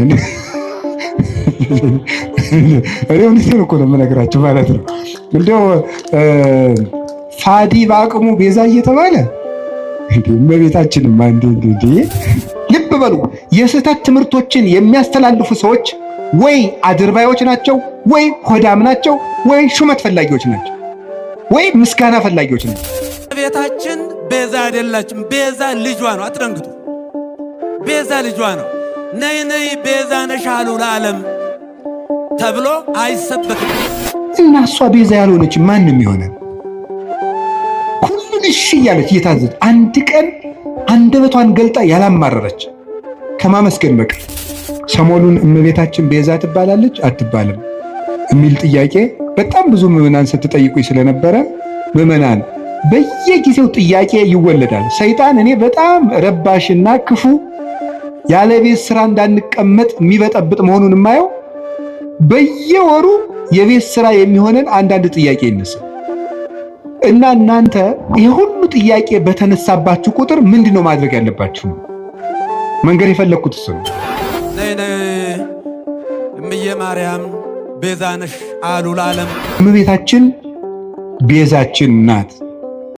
እኔ እውነቴን እኮ ነው የምነግራቸው ማለት ነው። እንደው ፋዲ በአቅሙ ቤዛ እየተባለ እመቤታችንም አንዴ ልብ በሉ። የስህተት ትምህርቶችን የሚያስተላልፉ ሰዎች ወይ አድርባዮች ናቸው፣ ወይ ሆዳም ናቸው፣ ወይ ሹመት ፈላጊዎች ናቸው፣ ወይ ምስጋና ፈላጊዎች ናቸው። እመቤታችን ቤዛ አይደላችም። ቤዛ ልጇ ነው። አትደንግጡ። ቤዛ ልጇ ነው። ነይ ነይ ቤዛ ነሽ አሉ ለዓለም ተብሎ አይሰበክም። እና እሷ ቤዛ ያልሆነች ማንም የሆነ ሁሉን እሺ እያለች እየታዘዘች አንድ ቀን አንደበቷን ገልጣ ያላማረረች ከማመስገን በቀር ሰሞኑን እመቤታችን ቤዛ ትባላለች አትባልም የሚል ጥያቄ በጣም ብዙ ምዕመናን ስትጠይቁኝ ስለነበረ ምዕመናን በየጊዜው ጥያቄ ይወለዳል። ሰይጣን እኔ በጣም ረባሽና ክፉ ያለ ቤት ስራ እንዳንቀመጥ የሚበጠብጥ መሆኑን የማየው በየወሩ የቤት ስራ የሚሆነን አንዳንድ ጥያቄ ይነሳል እና እናንተ ይህ ሁሉ ጥያቄ በተነሳባችሁ ቁጥር ምንድን ነው ማድረግ ያለባችሁ? መንገድ የፈለግኩት እሱ ነው። ነይ ነይ ቤዛነሽ አሉ ለዓለም እመቤታችን ቤዛችን ናት።